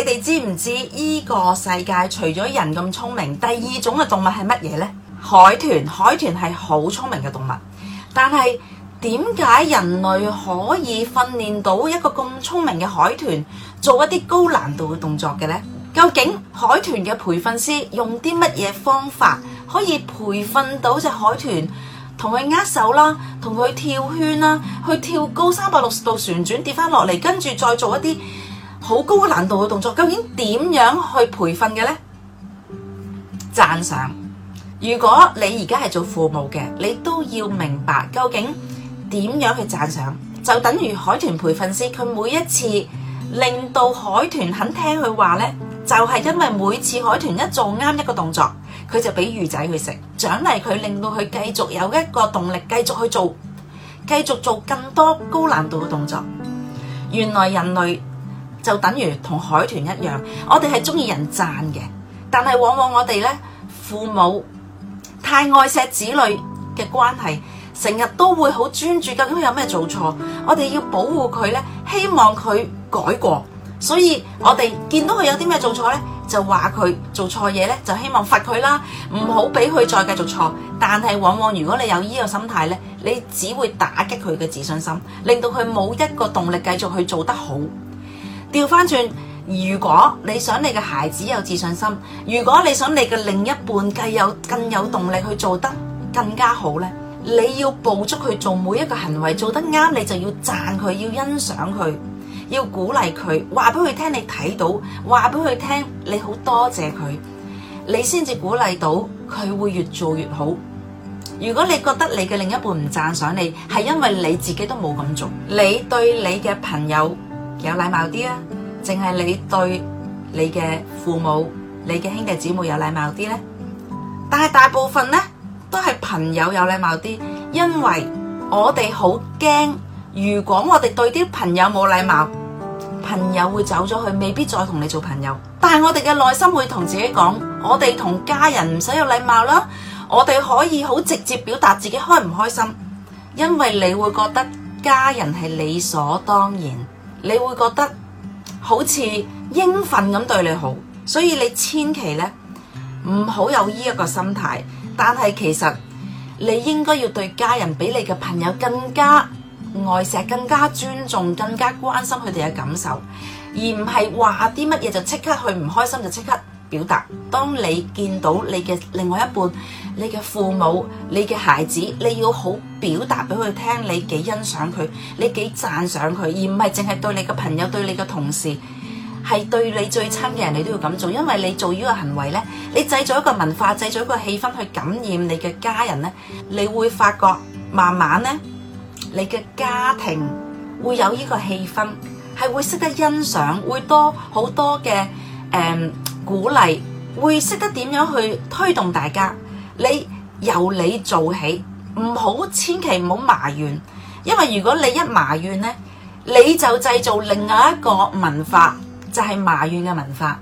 你哋知唔知呢個世界除咗人咁聰明，第二種嘅動物係乜嘢呢？海豚。海豚係好聰明嘅動物。但係點解人類可以訓練到一個咁聰明嘅海豚做一啲高難度嘅動作嘅呢？究竟海豚嘅培訓師用啲乜嘢方法可以培訓到隻海豚同佢握手啦，同佢跳圈啦，去跳高三百六十度旋轉跌翻落嚟，跟住再做一啲好高難度嘅動作，究竟點樣去培訓嘅呢？讚賞。如果你而家係做父母嘅，你都要明白究竟點樣去讚賞。就等於海豚培訓師，佢每一次令到海豚肯聽佢話呢，就係因為每次海豚一做啱一個動作，佢就俾魚仔去食獎勵佢，令到佢繼續有一個動力，繼續去做，繼續做更多高難度嘅動作。原來人類。就等於同海豚一樣，我哋係中意人讚嘅，但係往往我哋咧父母太愛錫子女嘅關係，成日都會好專注，究竟佢有咩做錯？我哋要保護佢咧，希望佢改過。所以我哋見到佢有啲咩做錯咧，就話佢做錯嘢咧，就希望罰佢啦，唔好俾佢再繼續錯。但係往往如果你有呢個心態咧，你只會打擊佢嘅自信心，令到佢冇一個動力繼續去做得好。調翻轉，如果你想你嘅孩子有自信心，如果你想你嘅另一半計有更有動力去做得更加好呢，你要捕捉佢做每一個行為做得啱，你就要讚佢，要欣賞佢，要鼓勵佢，話俾佢聽你睇到，話俾佢聽你好多謝佢，你先至鼓勵到佢會越做越好。如果你覺得你嘅另一半唔讚賞你，係因為你自己都冇咁做，你對你嘅朋友。有禮貌啲啦，淨係你對你嘅父母、你嘅兄弟姊妹有禮貌啲呢。但係大部分呢都係朋友有禮貌啲，因為我哋好驚，如果我哋對啲朋友冇禮貌，朋友會走咗去，未必再同你做朋友。但係我哋嘅內心會同自己講，我哋同家人唔使有禮貌啦，我哋可以好直接表達自己開唔開心，因為你會覺得家人係理所當然。你會覺得好似應份咁對你好，所以你千祈咧唔好有呢一個心態。但係其實你應該要對家人比你嘅朋友更加愛錫、更加尊重、更加關心佢哋嘅感受，而唔係話啲乜嘢就即刻去唔開心就即刻。表達，當你見到你嘅另外一半、你嘅父母、你嘅孩子，你要好表達俾佢聽你，你幾欣賞佢，你幾讚賞佢，而唔係淨係對你嘅朋友、對你嘅同事，係對你最親嘅人，你都要咁做。因為你做呢個行為呢，你製造一個文化，製造一個氣氛去感染你嘅家人呢，你會發覺慢慢呢，你嘅家庭會有呢個氣氛，係會識得欣賞，會多好多嘅誒。嗯鼓勵會識得點樣去推動大家，你由你做起，唔好千祈唔好埋怨，因為如果你一埋怨呢，你就製造另外一個文化，就係埋怨嘅文化。